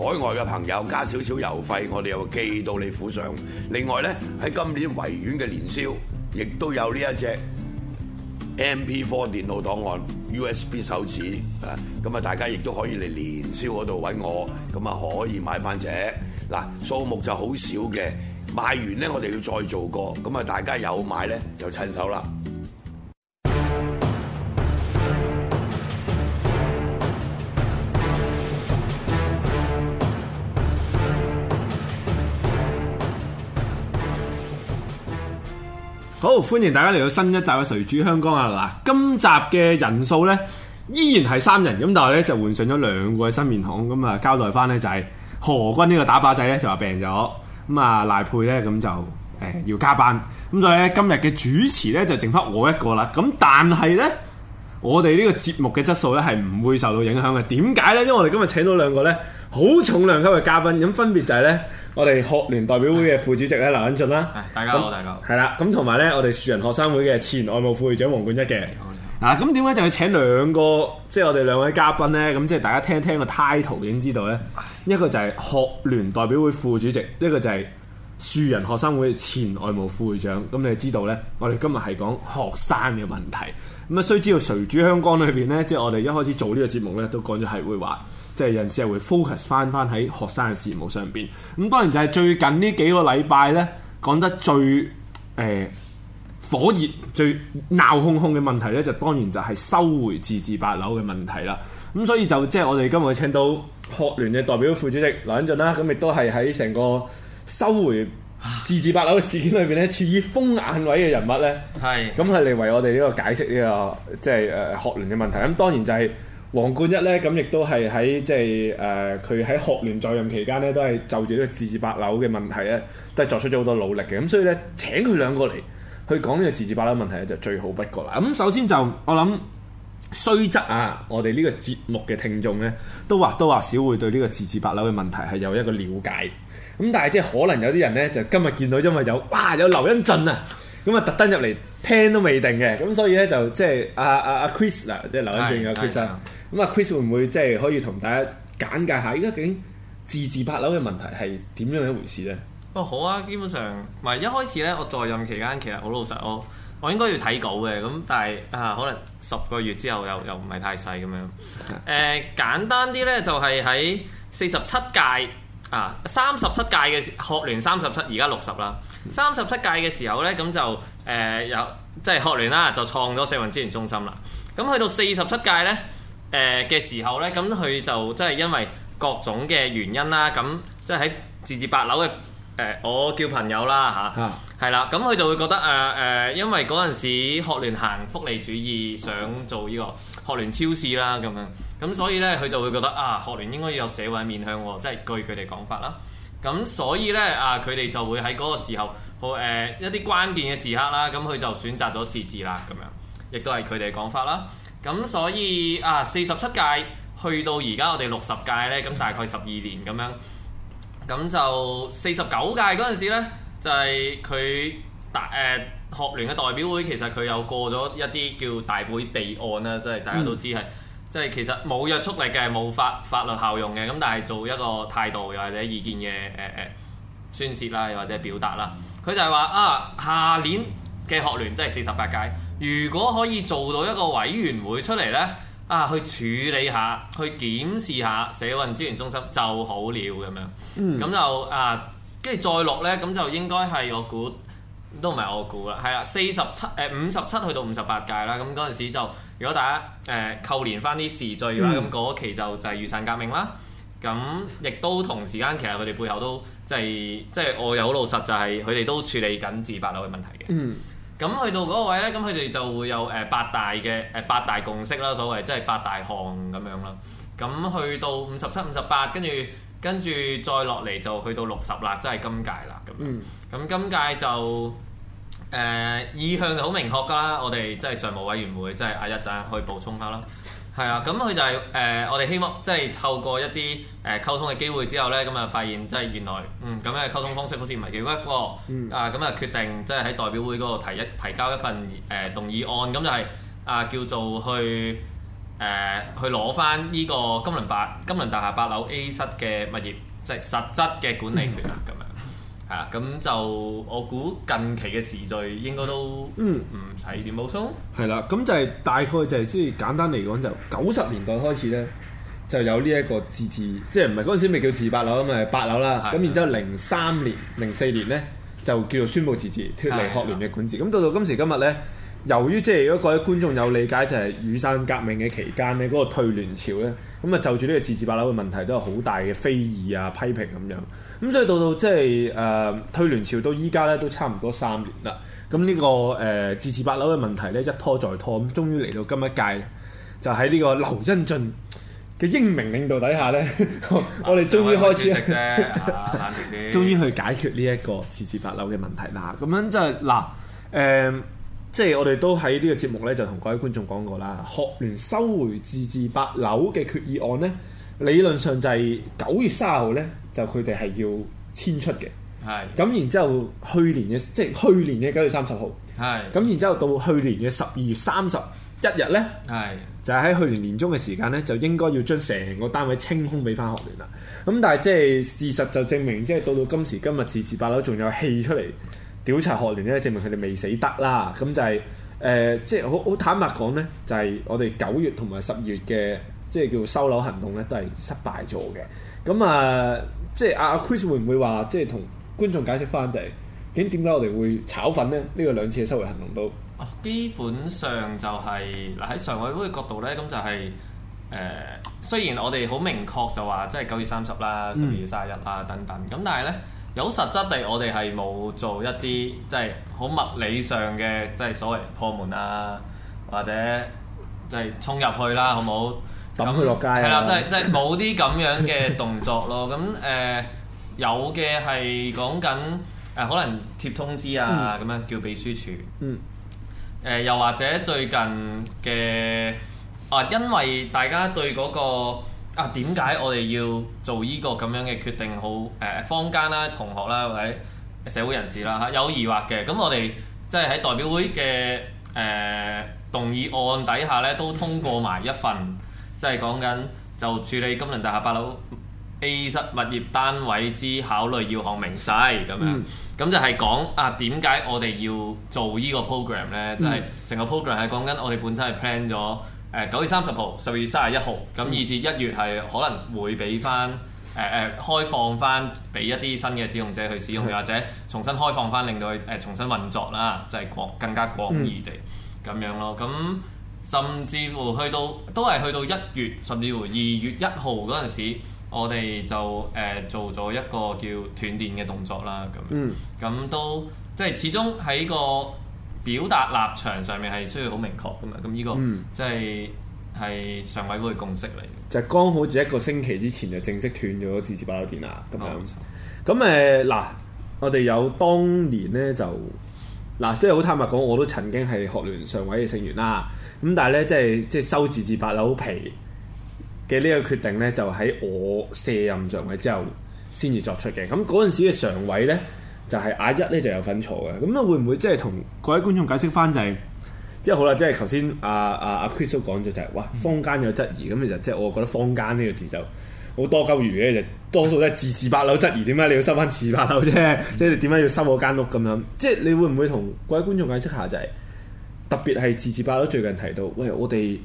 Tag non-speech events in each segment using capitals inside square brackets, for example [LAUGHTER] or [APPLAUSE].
海外嘅朋友加少少郵費，我哋又寄到你府上。另外咧，喺今年維園嘅年宵，亦都有呢一隻 MP4 電腦檔案 USB 手指，啊！咁啊，大家亦都可以嚟年宵嗰度揾我，咁啊可以買返隻。嗱、啊，數目就好少嘅，賣完咧，我哋要再做過，咁啊，大家有買咧就趁手啦。好，歡迎大家嚟到新一集嘅誰主香港啊！嗱，今集嘅人數呢，依然係三人，咁但係呢，就換上咗兩個新面孔，咁、嗯、啊交代翻呢，就係、是、何君呢個打靶仔呢，就話病咗，咁啊賴佩呢，咁、嗯、就誒、欸、要加班，咁、嗯、所以呢今日嘅主持呢，就剩翻我一個啦。咁但係呢，我哋呢個節目嘅質素呢，係唔會受到影響嘅。點解呢？因為我哋今日請到兩個呢，好重量級嘅嘉賓，咁、嗯、分別就係呢。我哋學聯代表會嘅副主席咧，劉恩俊啦，係大家好，嗱大家好，係啦，咁同埋咧，我哋樹人學生會嘅前外務副會長黃獾一嘅，好、啊，咁點解就要請兩個，即係我哋兩位嘉賓咧，咁即係大家聽一聽個 title 已經知道咧，一個就係學聯代表會副主席，一個就係樹人學生會前外務副會長，咁你就知道咧，我哋今日係講學生嘅問題，咁啊，雖知道誰主香港裏邊咧，即係我哋一開始做呢個節目咧，都講咗係會話。即係有陣時會 focus 翻翻喺學生嘅事務上邊。咁當然就係最近呢幾個禮拜呢，講得最誒、呃、火熱、最鬧轟轟嘅問題呢，就當然就係收回自治八樓嘅問題啦。咁所以就即係、就是、我哋今日請到學聯嘅代表副主席梁恩俊啦。咁亦都係喺成個收回自治八樓嘅事件裏邊呢，啊、處於風眼位嘅人物呢，係是。咁係嚟為我哋呢個解釋呢、這個即係誒學聯嘅問題。咁當然就係、是。黃獾一咧，咁亦都係喺即係誒，佢、就、喺、是呃、學聯在任期間咧，都係就住呢個自治八樓嘅問題咧，都係作出咗好多努力嘅。咁所以咧，請佢兩個嚟去講呢個自治八樓問題咧，就最好不過啦。咁首先就我諗，雖則啊，我哋呢個節目嘅聽眾咧，都或多或少會對呢個自治八樓嘅問題係有一個了解。咁但係即係可能有啲人咧，就今日見到，因為有哇有劉恩俊啊，咁啊特登入嚟聽都未定嘅。咁所以咧就即係阿阿阿 Chris 啊，即係劉恩俊」。嘅 Chris。咁啊，Chris 會唔會即係可以同大家簡介下，依家究竟自治八樓嘅問題係點樣一回事呢？哦，好啊，基本上，唔係一開始呢，我在任期間其實好老實，我我應該要睇稿嘅，咁但係啊，可能十個月之後又又唔係太細咁樣。誒、呃，簡單啲呢、啊呃，就係喺四十七屆啊，三十七屆嘅學聯三十七，而家六十啦。三十七屆嘅時候呢，咁就誒有即係學聯啦，就創咗社運資源中心啦。咁去到四十七屆呢。誒嘅、呃、時候呢，咁佢就即係因為各種嘅原因啦，咁、啊、即係喺自治八樓嘅誒、呃，我叫朋友啦嚇，係、啊、啦，咁佢就會覺得誒誒、呃呃，因為嗰陣時學聯行福利主義，想做呢個學聯超市啦咁樣，咁、啊、所以呢，佢就會覺得啊，學聯應該要有社會面向喎、啊，即係據佢哋講法啦。咁、啊、所以呢，啊，佢哋就會喺嗰個時候，好，誒、呃、一啲關鍵嘅時刻啦，咁、啊、佢就選擇咗自治啦，咁、啊、樣，亦都係佢哋講法啦。咁所以啊，四十七屆去到而家我哋六十屆呢，咁大概十二年咁樣，咁就四十九屆嗰陣時呢，就係佢大誒學聯嘅代表會，其實佢又過咗一啲叫大會備案啦，即係大家都知係，即係、嗯、其實冇約束力嘅，冇法法律效用嘅，咁但係做一個態度又或者意見嘅、呃呃、宣泄啦，又或者表達啦，佢就係話啊，下年嘅學聯即係四十八屆。如果可以做到一個委員會出嚟呢，啊，去處理下去檢視下社運資源中心就好了咁樣。咁、嗯、就啊，跟住再落呢，咁就應該係我估都唔係我估啦，係啦、啊，四十七誒五十七去到五十八屆啦。咁嗰陣時就，如果大家誒、呃、扣連翻啲時序嘅話，咁嗰、嗯、期就就係雨傘革命啦。咁亦都同時間其實佢哋背後都即係即係我有好老實，就係佢哋都處理緊自八樓嘅問題嘅。嗯。咁去到嗰個位呢，咁佢哋就會有誒、呃、八大嘅誒、呃、八大共識啦，所謂即係八大項咁樣啦。咁去到五十七、五十八，跟住跟住再落嚟就去到六十啦，即係今屆啦。咁，咁、嗯、今屆就誒、呃、意向就好明確噶啦。我哋即係常務委員會，即係阿一陣去以補充下啦。係啊，咁佢就係、是、誒、呃，我哋希望即係透過一啲誒、呃、溝通嘅機會之後咧，咁啊發現即係原來嗯咁樣嘅溝通方式好似唔係幾 work 喎，哦嗯、啊咁啊決定即係喺代表會嗰度提一提交一份誒、呃、動議案，咁就係、是、啊、呃、叫做去誒、呃、去攞翻呢個金輪八金輪大廈八樓 A 室嘅物業，即、就、係、是、實質嘅管理權啊咁樣。係啦，咁、啊、就我估近期嘅時序應該都唔使點補充。係啦、嗯，咁就係大概就係即係簡單嚟講就九十年代開始咧，就有呢一個自治，即係唔係嗰陣時未叫自治八樓啊嘛，八、就係、樓啦。咁的然之後零三年、零四年咧就叫做宣布自治，脫離學聯嘅管治。咁到的到今時今日咧。由於即係如果各位觀眾有理解，就係、是、雨傘革命嘅期間、那個、退潮呢嗰個退聯潮咧，咁啊就住呢個自治八樓嘅問題都有好大嘅非議啊、批評咁樣。咁所以到到即係誒退聯潮到依家呢，都差唔多三年啦。咁呢、這個誒自治八樓嘅問題呢，一拖再拖，咁終於嚟到今一屆，就喺呢個劉恩俊嘅英明領導底下呢，啊、 [LAUGHS] 我哋終於開始，啊、 [LAUGHS] 終於去解決呢一個自治八樓嘅問題啦。咁樣即係嗱誒。即係我哋都喺呢個節目咧，就同各位觀眾講過啦。學聯收回自治八樓嘅決議案呢，理論上就係九月三號呢，就佢哋係要遷出嘅。係咁，然之後去年嘅即係去年嘅九月三十號，係咁，然之後到去年嘅十二月三十一日呢，係是的 就係喺去年年中嘅時間呢，就應該要將成個單位清空俾翻學聯啦。咁但係即係事實就證明，即係到到今時今日，自治八樓仲有氣出嚟。調查學聯咧，證明佢哋未死得啦。咁就係、是、誒、呃，即係好好坦白講咧，就係、是、我哋九月同埋十月嘅，即係叫收樓行動咧，都係失敗咗嘅。咁、嗯、啊，即係阿阿 Chris 會唔會話，即係同觀眾解釋返就係，點點解我哋會炒粉咧？呢個兩次嘅收樓行動都啊，基本上就係嗱喺常委會嘅角度咧、就是，咁就係誒，雖然我哋好明確就話，即係九月三十啦，十月卅一啦等等，咁、嗯、但係咧。有實質地，我哋係冇做一啲即係好物理上嘅，即、就、係、是、所謂破門啊，或者即係衝入去啦，好冇抌佢落街。係啦 [LAUGHS] 有，即係即係冇啲咁樣嘅動作咯。咁誒、 [LAUGHS] 呃，有嘅係講緊誒，可能貼通知啊，咁樣叫秘書處。嗯。誒、呃，又或者最近嘅啊，因為大家對嗰、那個。啊，點解我哋要做呢個咁樣嘅決定？好誒、呃，坊間啦、啊、同學啦、啊、或者社會人士啦、啊、嚇有疑惑嘅。咁我哋即係喺代表會嘅誒、呃、動議案底下咧，都通過埋一份，即係講緊就處理金輪大廈八樓 A 室物業單位之考慮要項明細咁、嗯、樣。咁就係、是、講啊，點解我哋要做呢個 program 咧？嗯、就係成個 program 係講緊我哋本身係 plan 咗。誒九月三十號、十月三十一號，咁二、嗯、至一月係可能會俾翻誒誒開放翻，俾一啲新嘅使用者去使用，嗯、或者重新開放翻，令到佢誒重新運作啦，即係廣更加廣義地咁、嗯、樣咯。咁甚至乎去到都係去到一月，甚至乎二月一號嗰陣時，我哋就誒、呃、做咗一個叫斷電嘅動作啦。咁，咁、嗯、都即係始終喺個表達立場上面係需要好明確噶嘛，咁呢個即係係常委會嘅共識嚟嘅。就係剛好住一個星期之前就正式斷咗自治八樓電啦，咁、嗯、樣。咁誒、嗯，嗱，我哋有當年咧就嗱，即係好坦白講，我都曾經係學聯常委嘅成員啦。咁但係咧，即係即係收自治八樓皮嘅呢個決定咧，就喺我卸任常委之後先至作出嘅。咁嗰陣時嘅常委咧。就係阿一咧就有份錯嘅，咁啊會唔會即係同各位觀眾解釋翻就係、是，即係 [MUSIC] 好啦，即係頭先阿阿阿 Chris 講咗就係、是啊啊啊就是，哇坊間有質疑，咁其實即係我覺得坊間呢個字就好多鳩魚嘅，就是、多數都係自治八樓質疑，點解你要收翻自治八樓啫？即係你點解要收我間屋咁樣？即、就、係、是、你會唔會同各位觀眾解釋下就係、是，特別係自治八樓最近提到，喂我哋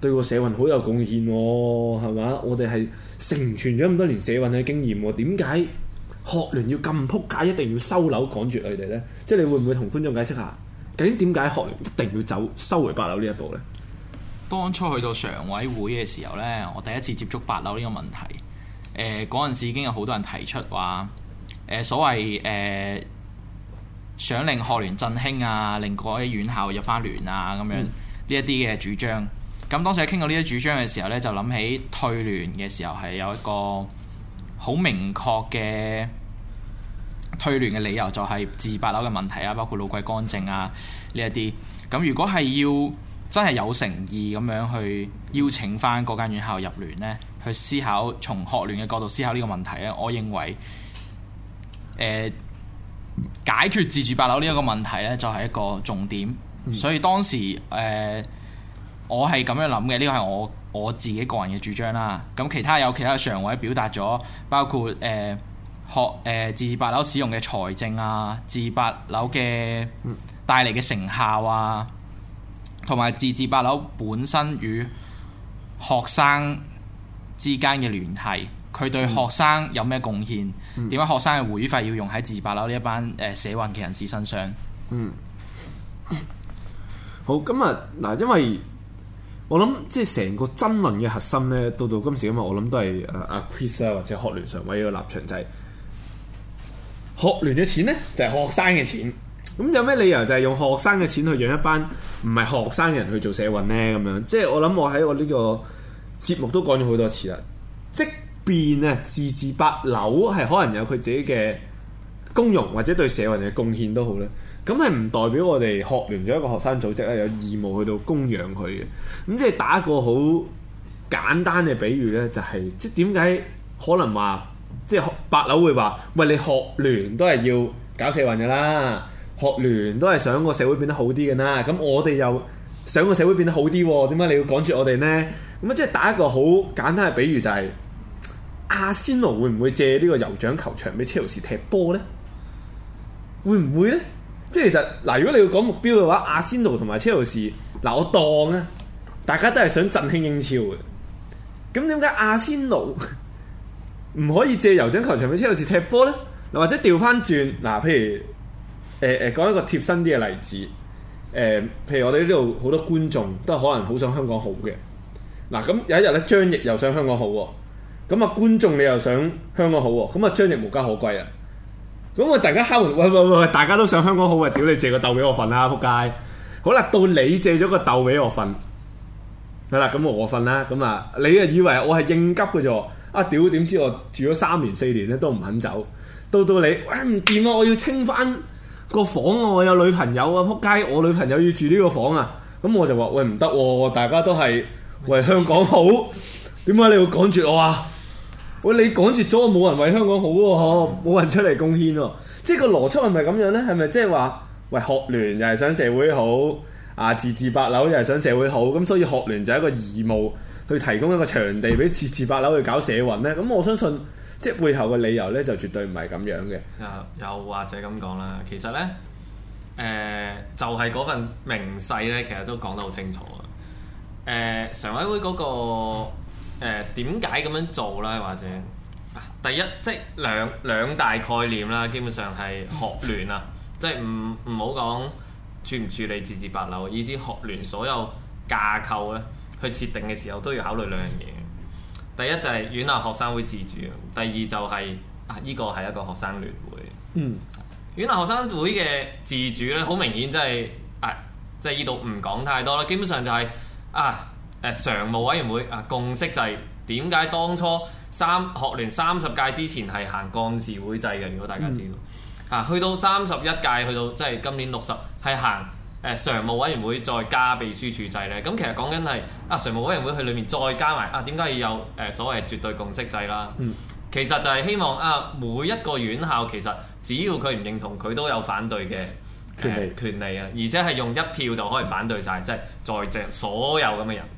對個社運好有貢獻喎、哦，係嘛？我哋係承傳咗咁多年社運嘅經驗喎，點解學聯要咁扑街，一定要收樓趕絕佢哋呢？即係你會唔會同觀眾解釋下究竟點解學聯一定要走收回八樓呢一步呢？當初去到常委會嘅時候呢，我第一次接觸八樓呢個問題。誒、呃，嗰陣時已經有好多人提出話，誒、呃，所謂誒、呃，想令學聯振興啊，令各位院校入翻聯啊，咁樣呢一啲嘅主張。咁當時喺傾到呢啲主張嘅時候呢，就諗起退聯嘅時候係有一個。好明確嘅退聯嘅理由就係自治八樓嘅問題啊，包括老鬼乾淨啊呢一啲。咁如果係要真係有誠意咁樣去邀請翻嗰間院校入聯呢，去思考從學聯嘅角度思考呢個問題咧，我認為，誒、呃、解決自治八樓呢一個問題呢，就係一個重點。嗯、所以當時誒、呃、我係咁樣諗嘅，呢個係我。我自己個人嘅主張啦、啊，咁其他有其他常委表達咗，包括誒、呃、學誒、呃、自治八樓使用嘅財政啊，自治八樓嘅帶嚟嘅成效啊，同埋自治八樓本身與學生之間嘅聯繫，佢對學生有咩貢獻？點解、嗯、學生嘅會費要用喺自治八樓呢一班誒社運嘅人士身上？嗯， [LAUGHS] 好，今日嗱，因為。我諗即係成個爭論嘅核心呢，到到今時今日，我諗都係誒阿 Chris 啊或者學聯常委嘅立場就係，學聯嘅錢呢，就係學生嘅錢。咁有咩理由就係用學生嘅錢去養一班唔係學生嘅人去做社運呢？咁樣即係我諗我喺我呢個節目都講咗好多次啦。即便啊自治八樓係可能有佢自己嘅功用或者對社運嘅貢獻都好咧。咁係唔代表我哋學聯咗一個學生組織咧，有義務去到供養佢嘅。咁即係打一個好簡單嘅比喻呢就係、是、即點解可能話即係白柳會話，喂，你學聯都係要搞社運嘅啦，學聯都係想個社會變得好啲嘅啦。咁我哋又想個社會變得好啲、啊，點解你要趕住我哋呢？咁即係打一個好簡單嘅比喻、就是，就係阿仙奴會唔會借呢個酋井球場俾車路士踢波呢？會唔會呢？」即係其實嗱，如果你要講目標嘅話，阿仙奴同埋車路士，嗱我當啊，大家都係想振興英超嘅。咁點解阿仙奴唔可以借酋長球場俾車路士踢波咧？嗱，或者調翻轉嗱，譬如誒誒、呃呃、講一個貼身啲嘅例子，誒、呃、譬如我哋呢度好多觀眾都係可能好想香港好嘅。嗱咁有一日咧，張翼又想香港好喎、哦，咁啊觀眾你又想香港好喎、哦，咁啊張翼無家可歸啊！咁我突然間敲門，喂喂喂，大家都想香港好啊！屌 [MUSIC] 你借個竇俾我瞓啦，撲街！好啦，到你借咗個竇俾我瞓，好啦，咁我瞓啦。咁啊，你啊以為我係應急嘅啫？啊屌！點知我住咗三年四年咧都唔肯走。到到你，喂唔掂啊！我要清翻個房啊！我有女朋友啊，撲街！我女朋友要住呢個房啊！咁我就話喂，唔得、啊，大家都係喂，香港好，點解你要趕住我啊？喂，你趕絕咗冇人為香港好喎、啊，嗬，冇人出嚟貢獻喎、啊，即係個邏輯係咪咁樣呢？係咪即係話，喂學聯又係想社會好，啊自治八樓又係想社會好，咁所以學聯就係一個義務去提供一個場地俾自治八樓去搞社運呢？咁我相信即係背後嘅理由呢，就絕對唔係咁樣嘅。又或者咁講啦，其實呢，誒、呃、就係、是、嗰份明細呢，其實都講得好清楚啊、呃。常委會嗰、那個。誒，點解咁樣做呢？或者第一即係兩兩大概念啦，基本上係學聯啊， [LAUGHS] 即係唔唔好講處唔處理自治八樓，以至學聯所有架構咧，去設定嘅時候都要考慮兩樣嘢。第一就係院校學生會自主，第二就係、是、啊，依個係一個學生聯會。嗯， [LAUGHS] 院校學生會嘅自主咧，好明顯即係即係依度唔講太多啦。基本上就係、是、啊。常務委員會啊，共識制點解當初三學聯三十屆之前係行幹事會制嘅？如果大家知道、嗯、啊，去到三十一屆去到即係今年六十係行、啊、常務委員會再加秘書處制呢。咁、啊、其實講緊係啊，常務委員會去裏面再加埋啊，點解要有誒、啊、所謂絕對共識制啦？嗯、其實就係希望啊，每一個院校其實只要佢唔認同，佢都有反對嘅、啊、權利權利啊，而且係用一票就可以反對晒，嗯、即係在場所有咁嘅人。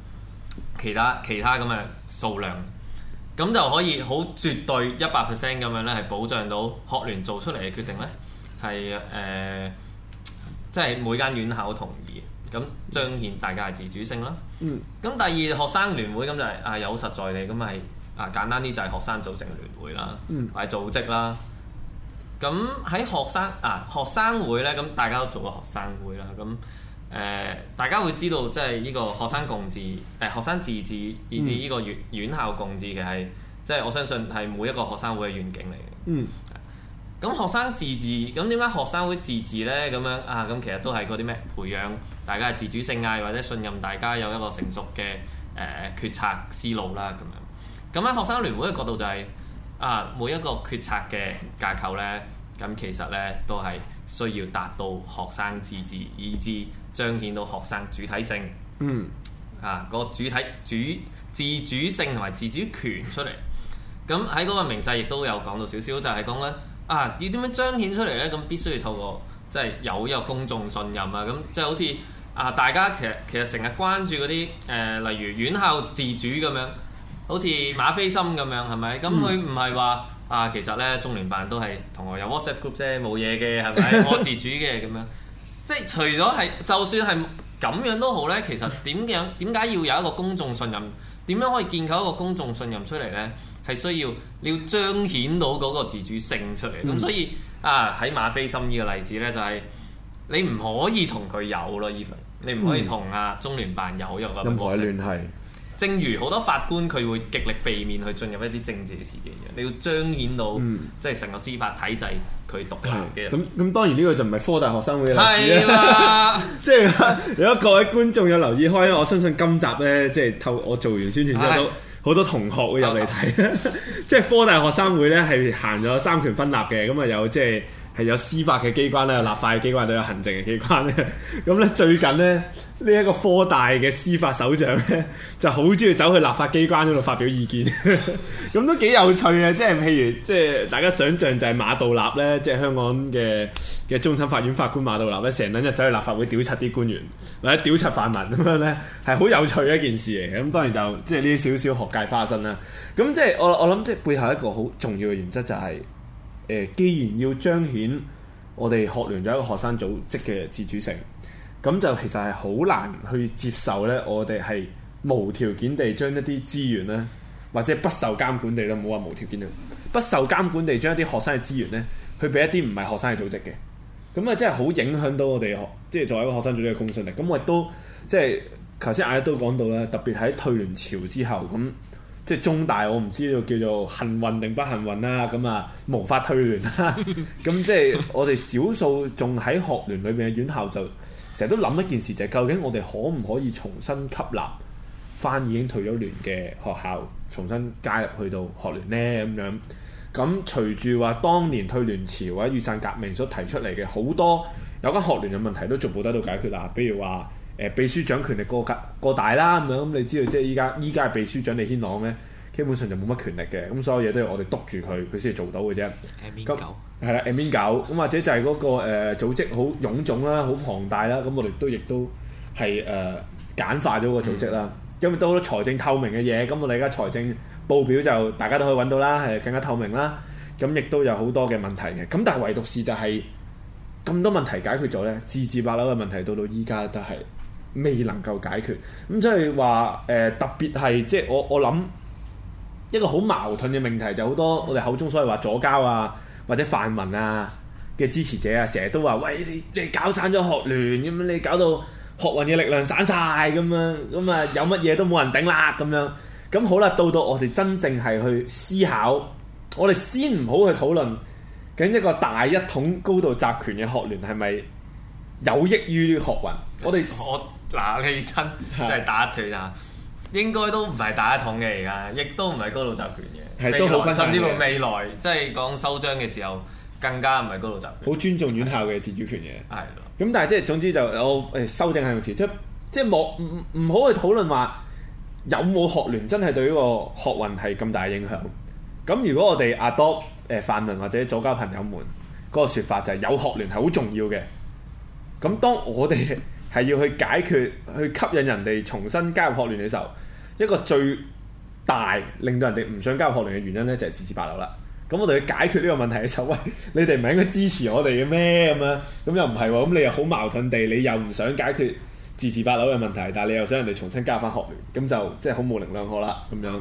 其他其他咁嘅數量，咁就可以好絕對一百 percent 咁樣咧，係保障到學聯做出嚟嘅決定咧，係誒、呃，即係每間院校同意，咁彰顯大家係自主性啦。嗯。咁第二學生聯會咁就係、是、誒、啊、有實在地咁係啊簡單啲就係學生組成嘅聯會啦，嗯，係組織啦。咁喺學生啊學生會咧，咁大家都做過學生會啦，咁。誒、呃，大家會知道即係呢個學生共治，誒、呃、學生自治，以至呢個院院校共治嘅係，即係、就是、我相信係每一個學生會嘅願景嚟嘅。嗯。咁、啊、學生自治，咁點解學生會自治呢？咁樣啊，咁、啊、其實都係嗰啲咩？培養大家嘅自主性啊，或者信任大家有一個成熟嘅誒、呃、決策思路啦，咁樣。咁、啊、喺學生聯會嘅角度就係、是、啊，每一個決策嘅架構呢，咁、啊、其實呢都係。需要達到學生自治，以至彰顯到學生主體性。嗯，啊、嗰個主體主自主性同埋自主權出嚟。咁喺嗰個明細亦都有講到少少，就係講緊啊要點樣彰顯出嚟咧？咁必須要透過即係、就是、有有公眾信任啊！咁即係好似啊大家其實其實成日關注嗰啲誒，例如院校自主咁樣，好似馬飛心咁樣，係咪？咁佢唔係話。嗯啊，其實咧，中聯辦都係同我有 WhatsApp group 啫，冇嘢嘅，係咪？我自主嘅咁 [LAUGHS] 樣，即係除咗係，就算係咁樣都好咧。其實點樣點解要有一個公眾信任？點樣可以建構一個公眾信任出嚟咧？係需要你要彰顯到嗰個自主性出嚟。咁、嗯、所以啊，喺馬菲心呢個例子咧，就係、是、你唔可以同佢有咯，Evan。嗯、你唔可以同阿中聯辦有一個、嗯、任何任何聯繫。正如好多法官佢會極力避免去進入一啲政治嘅事件嘅，你要彰顯到即係成個司法體制佢獨立嘅。咁咁、嗯嗯嗯嗯、當然呢個就唔係科大學生會嘅例子啦。的 [LAUGHS] 即係如果各位觀眾有留意開，我相信今集咧即係透我做完宣傳之後，都好的多同學會入嚟睇。的 [LAUGHS] 即係科大學生會咧係行咗三權分立嘅，咁啊有即係。係有司法嘅機關咧、有立法嘅機關都有行政嘅機關嘅。咁 [LAUGHS] 咧最近咧呢一個科大嘅司法首長咧， [LAUGHS] 就好鍾意走去立法機關嗰度發表意見。咁都幾有趣嘅，即係譬如即係大家想像就係馬道立咧，即係香港嘅嘅終審法院法官馬道立咧，成日走去立法會屌柒啲官員或者屌柒泛民咁樣咧，係好有趣嘅一件事嚟嘅。咁當然就即係呢啲小小學界花生啦。咁即係我我諗即係背後一個好重要嘅原則就係。誒，既然要彰顯我哋學聯咗一個學生組織嘅自主性，咁就其實係好難去接受咧，我哋係無條件地將一啲資源咧，或者不受監管地咧，唔好話無條件地不受監管地將一啲學生嘅資源咧，去俾一啲唔係學生嘅組織嘅，咁啊真係好影響到我哋學，即係作為一個學生組織嘅公信力。咁我亦都即係頭先亞一都講到啦，特別喺退聯潮之後咁。即係中大，我唔知道叫做幸運定不幸運啦、啊，咁啊無法退聯啦。咁 [LAUGHS] 即係我哋少數仲喺學聯裏面嘅院校，就成日都諗一件事，就係究竟我哋可唔可以重新吸納翻已經退咗聯嘅學校，重新加入去到學聯呢？咁樣咁隨住話當年退聯潮或者雨傘革命所提出嚟嘅好多有關學聯嘅問題，都逐步得到解決啦。比如話，誒、呃、秘書長權力過過大啦，咁樣咁你知道，即係依家依家嘅秘書長李軒朗咧，基本上就冇乜權力嘅，咁所有嘢都係我哋督住佢，佢先做到嘅啫。咁係啦，M V 九咁或者就係嗰、那個誒、呃、組織好臃腫啦，好龐大啦，咁、嗯、我哋都亦都係誒簡化咗個組織啦。因為、嗯嗯、都多財政透明嘅嘢，咁、嗯、我哋而家財政報表就大家都可以揾到啦，係更加透明啦。咁、嗯、亦都有好多嘅問題嘅，咁但係唯獨、就是就係咁多問題解決咗咧，自治八樓嘅問題，問題，問題到到依家都係未能夠解決，咁即係話誒特別係即係我我諗一個好矛盾嘅命題，就好多我哋口中所謂話左膠啊，或者泛民啊嘅支持者啊，成日都話：喂，你你搞散咗學聯咁，你搞到學運嘅力量散晒！咁樣，咁啊有乜嘢都冇人頂啦咁樣。咁好啦，到到我哋真正係去思考，我哋先唔好去討論緊一個大一統高度集權嘅學聯係咪有益於學運？我哋學。 [LAUGHS] 嗱，起身即係打一斷啊！ [LAUGHS] 應該都唔係大一統嘅，而家亦都唔係高度集權嘅。係都好分心。呢個未來即係講收莊嘅時候，更加唔係高度集權。好尊重院校嘅自主權嘅。係咯 [LAUGHS] 的。咁但係即係總之就有誒修正個用詞，即即係冇唔唔好去討論話有冇學聯真係對呢個學運係咁大影響。咁如果我哋阿多誒泛民或者左膠朋友們嗰個説法，就係有學聯係好重要嘅。咁當我哋。 [LAUGHS] 係要去解決、去吸引人哋重新加入學聯嘅時候，一個最大令到人哋唔想加入學聯嘅原因呢，就係自治八樓啦。咁我哋要解決呢個問題嘅時候，喂，你哋唔係應該支持我哋嘅咩？咁樣咁又唔係喎，咁你又好矛盾地，你又唔想解決自治八樓嘅問題，但係你又想人哋重新加入翻學聯，咁就即係好冇零兩可啦。咁樣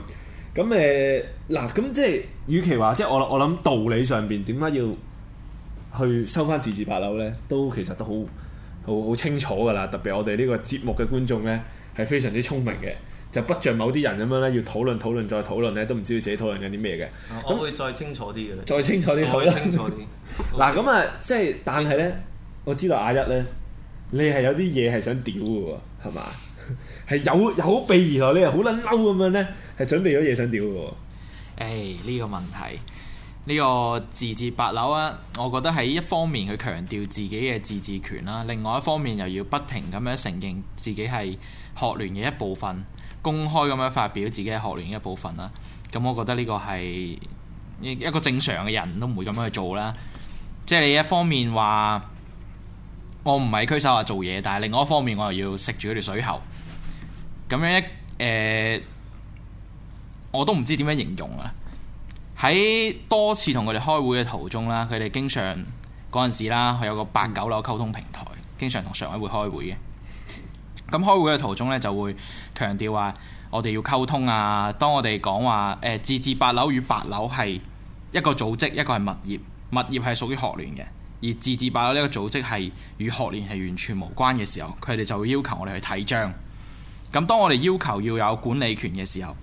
咁誒嗱，咁、呃、即係與其話即係我我諗道理上邊點解要去收翻自治八樓呢？都其實都好。好好清楚噶啦，特別我哋呢個節目嘅觀眾呢，係非常之聰明嘅，就不像某啲人咁樣呢，要討論討論再討論呢，都唔知道自己討論緊啲咩嘅。我會再清楚啲嘅咧。那再清楚啲好再清楚啲。嗱咁 [LAUGHS] 啊，即係、啊、但係呢，我知道阿一呢，你係有啲嘢係想屌嘅喎，係嘛？係有有備而來，你係好撚嬲咁樣呢，係準備咗嘢想屌嘅喎。誒、哎，呢、呢個問題。呢個自治八樓啊，我覺得喺一方面去強調自己嘅自治權啦、啊，另外一方面又要不停咁樣承認自己係學聯嘅一部分，公開咁樣發表自己係學聯嘅一部分啦、啊。咁、嗯、我覺得呢個係一一個正常嘅人都唔會咁樣去做啦、啊。即係你一方面話我唔係驅使話做嘢，但係另外一方面我又要食住嗰條水喉，咁樣誒、呃，我都唔知點樣形容啊！喺多次同佢哋開會嘅途中啦，佢哋經常嗰陣時啦，佢有個八九樓溝通平台，經常同常委會開會嘅。咁開會嘅途中咧，就會強調話我哋要溝通啊。當我哋講話誒自治八樓與八樓係一個組織，一個係物業，物業係屬於學聯嘅，而自治八樓呢個組織係與學聯係完全無關嘅時候，佢哋就會要求我哋去睇章。咁當我哋要求要有管理權嘅時候，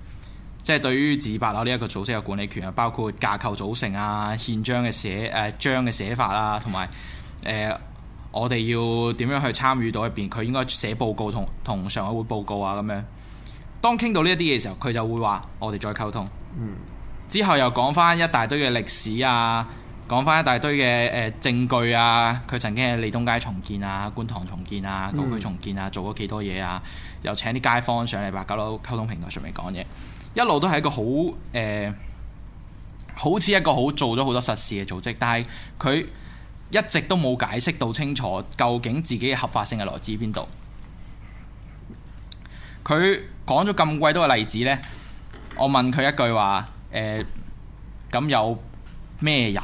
即係對於自白樓呢一個組織嘅管理權啊，包括架構組成啊、憲章嘅寫誒、呃、章嘅寫法啦、啊，同埋誒我哋要點樣去參與到入邊？佢應該寫報告同同常委會報告啊。咁樣當傾到呢一啲嘢嘅時候，佢就會話我哋再溝通。嗯、之後又講翻一大堆嘅歷史啊，講翻一大堆嘅誒、呃、證據啊。佢曾經喺利東街重建啊、觀塘重建啊、港區重建啊，做咗幾多嘢啊？又請啲街坊上嚟白九樓溝通平台上面講嘢。一路都係一個好誒、呃，好似一個好做咗好多實事嘅組織，但係佢一直都冇解釋到清楚究竟自己嘅合法性係來自邊度。佢講咗咁貴多嘅例子呢，我問佢一句話誒，咁、呃、有咩人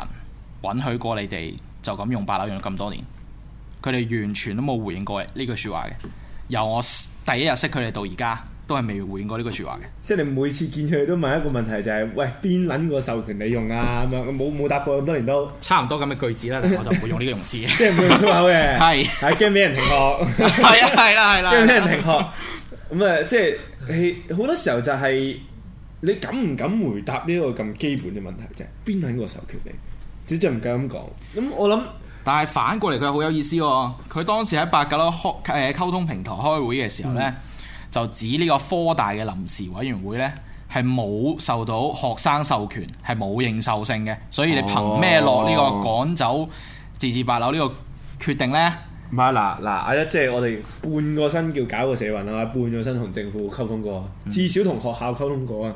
允許過你哋就咁用八樓用咗咁多年？佢哋完全都冇回應過呢句説話嘅。由我第一日識佢哋到而家。都係未回應過呢句説話嘅。即係你每次見佢都問一個問題、就係，就係喂邊撚個授權你用啊咁啊？冇冇答過咁多年都差唔多咁嘅句子啦， [LAUGHS] 我就唔會用呢個用詞即係唔會用粗口嘅。係係驚俾人停學。係啊係啦係啦。驚俾人停學。咁誒即係好多時候就係你敢唔敢回答呢個咁基本嘅問題啫？邊撚個授權你？只真唔夠咁講。咁我諗，但係反過嚟佢好有意思喎、哦。佢當時喺八九樓開誒溝通平台開會嘅時候咧。嗯嗯就指呢個科大嘅臨時委員會呢，係冇受到學生授權，係冇認受性嘅，所以你憑咩落呢個趕走自治八樓呢個決定呢？唔係嗱嗱，阿、哦、一、嗯、即係我哋半個身叫搞個社運啊，半個身同政府溝通過，至少同學校溝通過啊。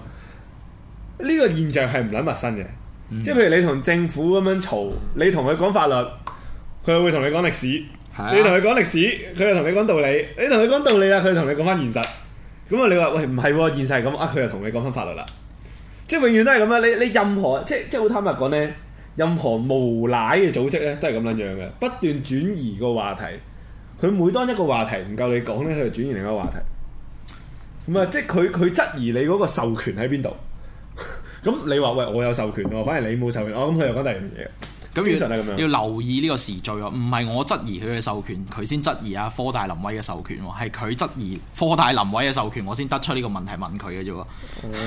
呢、嗯、個現象係唔撚陌生嘅，嗯、即係譬如你同政府咁樣嘈，你同佢講法律，佢會同你講歷史。你同佢講歷史，佢又同你講道理。你同佢講道理啦，佢同你講翻現實。咁啊，你話喂唔係，現實係咁，啊佢又同你講翻法律啦。即係永遠都係咁啊！你你任何即係即係好坦白講呢，任何無賴嘅組織呢，都係咁樣樣嘅，不斷轉移個話題。佢每當一個話題唔夠你講呢，佢就轉移另一個話題。咁啊，即係佢佢質疑你嗰個授權喺邊度？咁 [LAUGHS] 你話喂，我有授權喎、哦，反而你冇授權，我咁佢又講第二樣嘢。咁要要留意呢個時序喎，唔係我質疑佢嘅授權，佢先質疑啊科大林威嘅授權喎，係佢質疑科大林威嘅授、授權，我先得出呢個問題問佢嘅啫喎。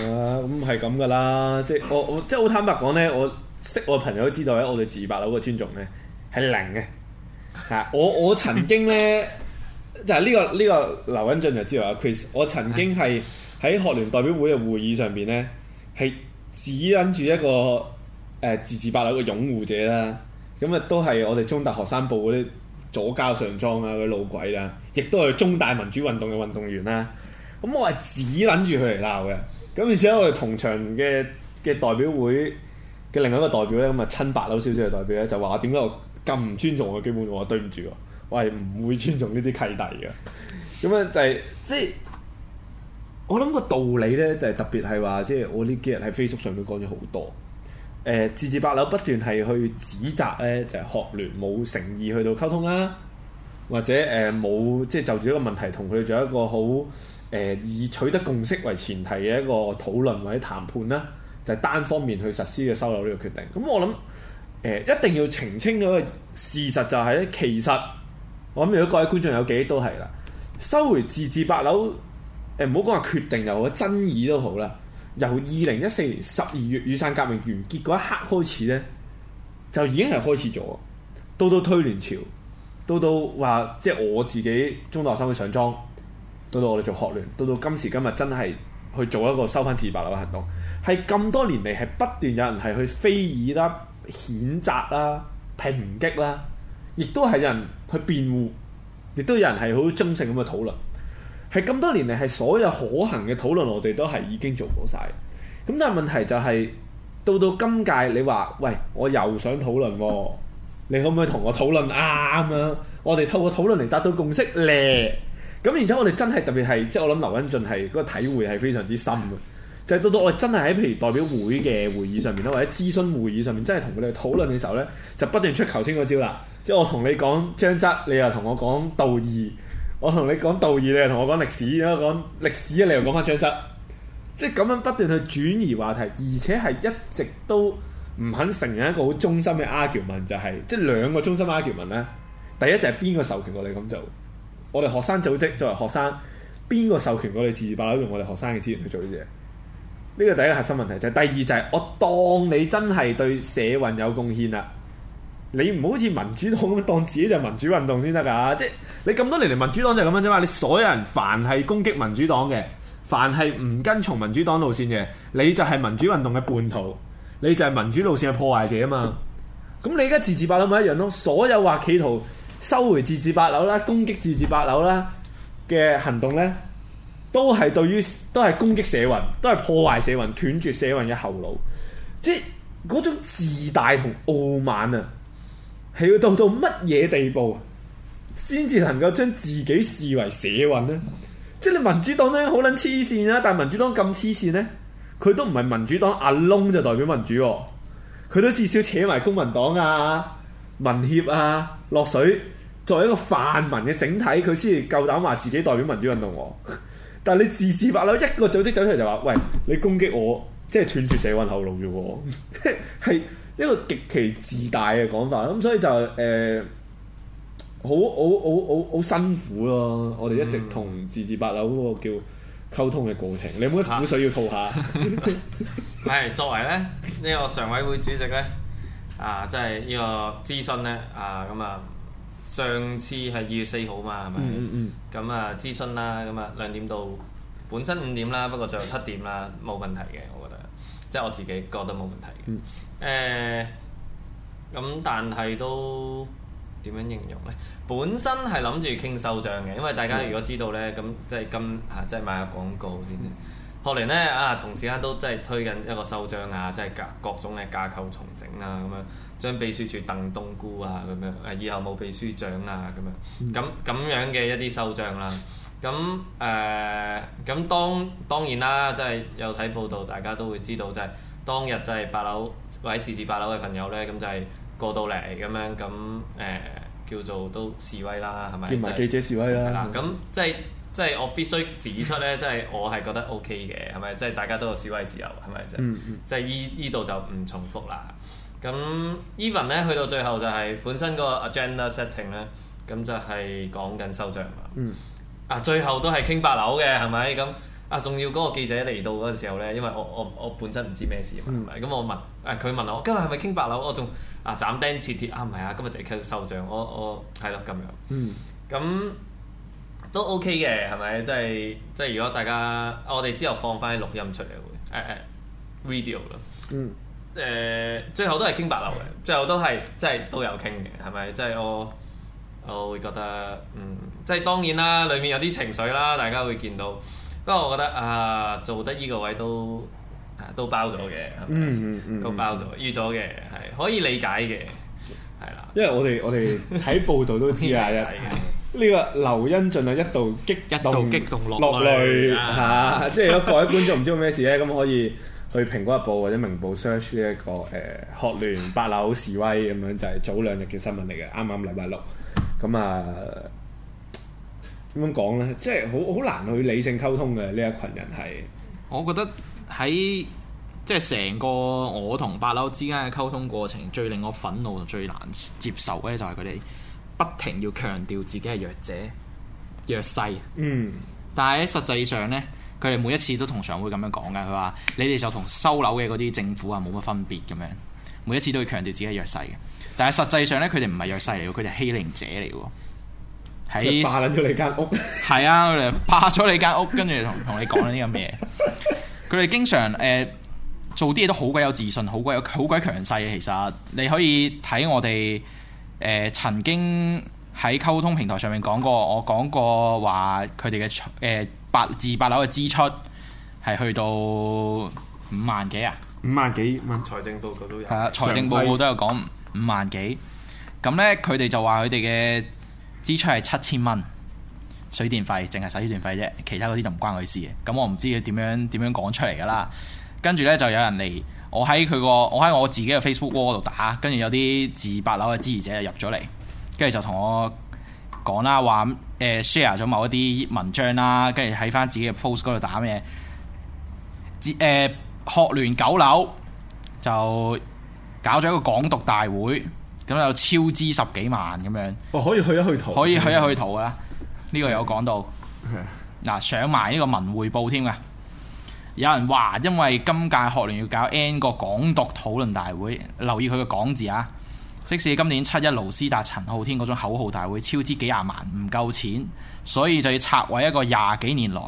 咁係咁噶啦，即係我 [LAUGHS] 即我即係好坦白講咧，我識我嘅朋友都知道咧，我哋自白樓嘅尊重咧係零嘅。吓， [LAUGHS] 我我曾經咧就係呢、 [LAUGHS] 這個呢、這個劉恩俊就知道啊，Chris，我曾經係喺學聯代表會嘅會議上邊咧係指引住一個。誒、呃、自治八樓嘅擁護者啦，咁、嗯、啊都係我哋中大學生部嗰啲左膠上莊啊，嗰啲老鬼啦，亦都係中大民主運動嘅運動員啦。咁、嗯嗯、我係只撚住佢嚟鬧嘅。咁、嗯、而且我哋同場嘅嘅代表會嘅另外一個代表咧，咁、嗯、啊親八樓少少嘅代表咧，就話我點解我咁唔尊重我，嘅基本我話對唔住，我係唔會尊重呢啲契弟嘅。咁、嗯、啊、嗯、就係、是、即係我諗個道理咧，就係、是、特別係話，即係我呢幾日喺 Facebook 上面講咗好多。誒、呃、自治八樓不斷係去指責咧，就係、是、學聯冇誠意去到溝通啦，或者誒冇即係就住、是、一個問題同佢哋做一個好誒、呃、以取得共識為前提嘅一個討論或者談判啦，就係、是、單方面去實施嘅收樓呢個決定。咁、嗯、我諗誒、呃、一定要澄清嘅事實就係、是、咧，其實我諗如果各位觀眾有記憶都係啦，收回自治八樓誒，唔好講話決定又好，爭議都好啦。由二零一四年十二月雨傘革命完結嗰一刻開始呢，就已經係開始咗。到到退聯潮，到到話即係我自己中大學生去上莊，到到我哋做學聯，到到今時今日真係去做一個收返自八樓嘅行動。係咁多年嚟，係不斷有人係去非議啦、譴責啦、抨擊啦，亦都係有人去辯護，亦都有人係好真誠咁去討論。係咁多年嚟，係所有可行嘅討論，我哋都係已經做過晒。咁但係問題就係、是、到到今屆你，你話喂，我又想討論、哦，你可唔可以同我討論啊？咁、啊、樣，我哋透過討論嚟達到共識咧。咁然之後，我哋真係特別係，即、就、係、是、我諗劉恩俊係個體會係非常之深嘅。就係、是、到到我哋真係喺譬如代表會嘅會議上面啦，或者諮詢會議上面，上面真係同佢哋討論嘅時候咧，就不斷出求先嗰招啦。即係我同你講張則，你又同我講道義。我同你講道義，你又同我講歷史；而家講歷史，你又講翻章則，即係咁樣不斷去轉移話題，而且係一直都唔肯承認一個好、就是、中心嘅 argument。就係即係兩個中心 argument 咧。第一就係邊個授權過你咁做？我哋學生組織作為學生，邊個授權過你，自自爆啦用我哋學生嘅資源去做啲嘢？呢個第一個核心問題就係，第二就係、是、我當你真係對社運有貢獻啦。你唔好似民主黨咁當自己就民主運動先得噶，即係你咁多年嚟，民主黨就係咁樣啫嘛。你所有人凡係攻擊民主黨嘅，凡係唔跟從民主黨路線嘅，你就係民主運動嘅叛徒，你就係民主路線嘅破壞者啊嘛。咁 [LAUGHS] 你而家自治八樓咪一樣咯？所有話企圖收回自治八樓啦，攻擊自治八樓啦嘅行動呢，都係對於都係攻擊社運，都係破壞社運，斷絕社運嘅後路。即係嗰種自大同傲慢啊！係要到到乜嘢地步先至能夠將自己視為社運呢？即係你民主黨咧好捻黐線啊！但係民主黨咁黐線呢，佢都唔係民主黨阿窿就代表民主，佢都至少扯埋公民黨啊、民協啊落水，作為一個泛民嘅整體，佢先夠膽話自己代表民主運動。但係你自視白流一個組織走出嚟就話喂，你攻擊我，即係斷絕社運後路啫，係。 [LAUGHS] 一個極其自大嘅講法，咁所以就誒好、好、呃、好、好、好辛苦咯。我哋一直同自治八樓嗰個叫溝通嘅過程，嗯、你冇啲苦水要吐下？係作為咧呢、呢個常委會主席咧啊，即係呢個諮詢咧啊咁啊，上次係二月四號嘛，係咪、嗯嗯嗯？嗯嗯咁啊諮詢啦，咁啊兩點到本身五點啦，不過就七點啦，冇問題嘅，我覺得。即係我自己覺得冇問題嘅，誒、呃，咁但係都點樣形容呢？本身係諗住傾收章嘅，因為大家如果知道呢，咁、嗯、即係今啊，即係賣下廣告先。後嚟、嗯、呢，啊，同時間都即係推緊一個收章啊，即係各種嘅架構重整啊，咁樣將秘書處燉冬菇啊，咁、啊、樣以後冇秘書長啊，咁、啊啊、樣咁咁樣嘅一啲收章啦。嗯啊咁誒，咁、呃、當當然啦，即、就、係、是、有睇報道，大家都會知道，就係、是、當日就係八樓或者自治八樓嘅朋友咧，咁就係過到嚟咁樣咁誒、呃，叫做都示威啦，係咪？結埋記者示威啦，係、就是、啦。咁即係即係我必須指出咧，即、就、係、是、我係覺得 O K 嘅，係咪？即、就、係、是、大家都有示威自由，係咪？即係依依度就唔、是嗯嗯、重複啦。咁 even 咧去到最後就係本身個 agenda setting 咧，咁就係講緊收場啊。嗯。啊，最後都係傾八樓嘅，係咪咁？啊，仲要嗰個記者嚟到嗰陣時候咧，因為我我我本身唔知咩事，唔係咁我問，誒佢問我今日係咪傾八樓？我仲啊斬釘截鐵啊，唔係啊，今日就係傾收場。我我係咯咁樣。嗯。咁都 OK 嘅，係咪？即係即係如果大家我哋之後放翻啲錄音出嚟會，誒誒 video 咯。嗯。誒，最後都係傾八樓嘅，最後都係即係都有傾嘅，係咪？即係我。我會覺得嗯，即係當然啦，裡面有啲情緒啦，大家會見到。不過我覺得啊，做得呢個位都都包咗嘅，嗯嗯都包咗預咗嘅，係可以理解嘅，係啦。因為我哋我哋睇報道都知啊，嘅呢個劉恩進啊一度激一度激動落落淚嚇，即係如果各位觀眾唔知咩事咧，咁可以去蘋果日報或者明報 search 呢一個誒學聯八樓示威咁樣就係早兩日嘅新聞嚟嘅，啱啱禮拜六。咁啊，點樣講呢？即係好好難去理性溝通嘅呢一群人係。我覺得喺即係成個我同八樓之間嘅溝通過程，最令我憤怒最難接受嘅就係佢哋不停要強調自己係弱者、弱勢。嗯。但係喺實際上呢，佢哋每一次都同常會咁樣講嘅，佢話：你哋就同收樓嘅嗰啲政府啊冇乜分別咁樣。每一次都要強調自己係弱勢嘅。但係實際上咧，佢哋唔係弱勢嚟嘅，佢哋欺凌者嚟嘅。喺霸咗你間屋，啊、屋，係啊， [LAUGHS] 佢哋霸咗你間屋，跟住同同你講呢啲咁嘢。佢哋經常誒、呃、做啲嘢都好鬼有自信，好鬼有好鬼強勢。其實你可以睇我哋誒、呃、曾經喺溝通平台上面講過，我講過話佢哋嘅誒自治八樓嘅支出係去到五萬幾啊？五萬幾？問財政報告都有？係啊期，財政報告都有講。五萬幾咁呢，佢哋就話佢哋嘅支出係七千蚊，水電費淨係使水電費啫，其他嗰啲就唔關佢事嘅。咁我唔知佢點樣點樣講出嚟噶啦。跟住呢，就有人嚟，我喺佢個我喺我自己嘅 Facebook wall 嗰度打，跟住有啲自八樓嘅支持者入咗嚟，跟住就同我講啦，話、呃、share 咗某一啲文章啦，跟住喺翻自己嘅 post 嗰度打咩自誒、呃、學聯九樓就。搞咗一個港獨大會，咁有超支十幾萬咁樣、哦。可以去一去圖，可以去一去圖啊。呢、嗯、個有講到，嗱、嗯、上埋呢個文匯報添啊。有人話因為今屆學聯要搞 N 個港獨討論大會，留意佢嘅港字啊。即使今年七一盧斯達陳浩天嗰種口號大會超支幾廿萬，唔夠錢，所以就要拆毀一個廿幾年來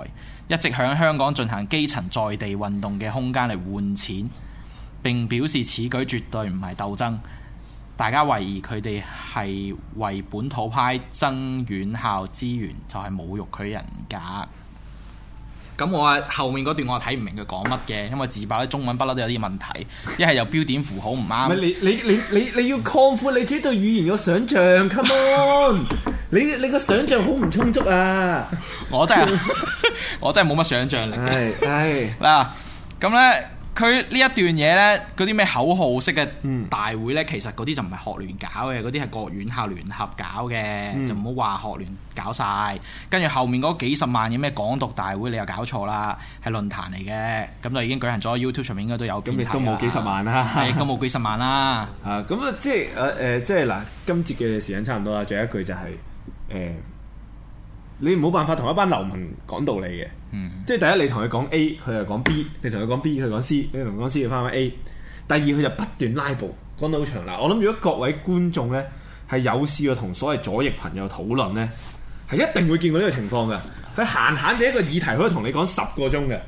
一直喺香港進行基層在地運動嘅空間嚟換錢。並表示此舉絕對唔係鬥爭，大家懷疑佢哋係為本土派爭院校資源，就係、是、侮辱佢人格。咁我啊，後面嗰段我睇唔明佢講乜嘅，因為自八啲中文不嬲都有啲問題，一係有標點符號唔啱。你你你你要擴闊你自己對語言嘅想象 [LAUGHS] ，come on！你你個想象好唔充足啊！我真係我真係冇乜想象力。係 [LAUGHS] 嗱，咁 [LAUGHS] 呢。佢呢一段嘢呢，嗰啲咩口號式嘅大會呢？嗯、其實嗰啲就唔係學聯搞嘅，嗰啲係各院校聯合搞嘅，嗯、就唔好話學聯搞晒。跟住後面嗰幾十萬嘅咩港獨大會，你又搞錯啦，係論壇嚟嘅，咁就已經舉行咗。YouTube 上面應該都有。咁亦都冇幾十萬啦。係， [LAUGHS] 都冇幾十萬啦。 [LAUGHS] 啊，咁啊、呃，即係誒誒，即係嗱，今節嘅時間差唔多啦。仲有一句就係、是、誒。呃你冇辦法同一班流民講道理嘅，嗯、即係第一你同佢講 A，佢就講 B；你同佢講 B，佢講 C；你同佢講 C，佢翻翻 A。第二佢就不斷拉布，講得好長。嗱，我諗如果各位觀眾呢，係有試過同所謂左翼朋友討論呢，係一定會見到呢個情況噶。佢閒閒地一個議題，可以同你講十個鐘嘅。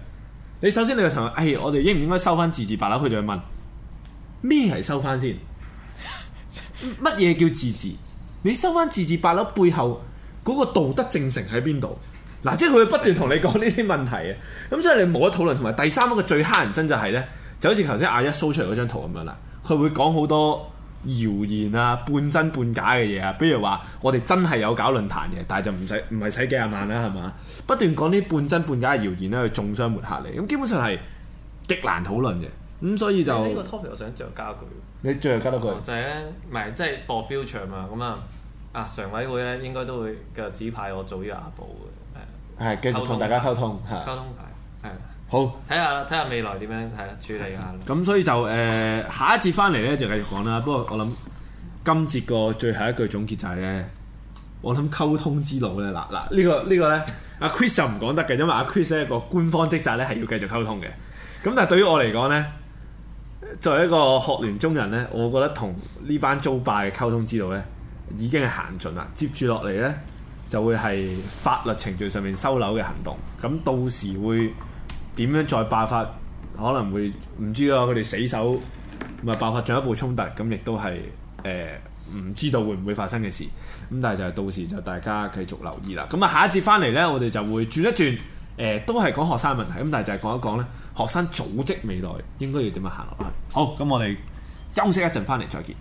你首先你就同，誒、哎，我哋應唔應該收翻自治八樓？佢就問咩係收翻先？乜嘢叫自治？你收翻自治八樓背後？嗰個道德正成喺邊度？嗱、啊，即係佢會不斷同你講呢啲問題啊，咁即係你冇得討論。同埋第三個最蝦人真就係咧，就好似頭先阿一 show 出嚟嗰張圖咁樣啦，佢會講好多謠言啊、半真半假嘅嘢啊，比如話我哋真係有搞論壇嘅，但係就唔使唔係使幾廿萬啦，係嘛？不斷講啲半真半假嘅謠言咧，去中傷抹黑你，咁基本上係極難討論嘅。咁所以就呢個 topic，我想再加一個句，你最後加多句就係、是、咧，唔係即係 for future 嘛？咁啊。啊，常委會咧，應該都會繼續指派我做呢個阿寶嘅，係、呃、繼續同大家溝通，溝通係，是是好，睇下睇下未來點樣係處理下。咁 [LAUGHS] 所以就誒、呃、下一節翻嚟咧，就繼續講啦。不過我諗今節個最後一句總結就係咧，我諗溝通之路咧，嗱嗱呢個呢個咧，阿 Chris 就唔講得嘅，因為阿 Chris 係一個官方職責咧，係要繼續溝通嘅。咁但係對於我嚟講咧，作為一個學聯中人咧，我覺得同呢班租霸嘅溝通之路咧，已經行盡啦，接住落嚟呢就會係法律程序上面收樓嘅行動，咁到時會點樣再爆發？可能會唔知道，佢哋死守，咪爆發進一步衝突，咁亦都係誒唔知道會唔會發生嘅事。咁但係就係到時就大家繼續留意啦。咁啊下一節翻嚟呢，我哋就會轉一轉，誒、呃、都係講學生問題，咁但係就係講一講呢學生組織未來應該要點樣行落去。好，咁我哋休息一陣，翻嚟再見。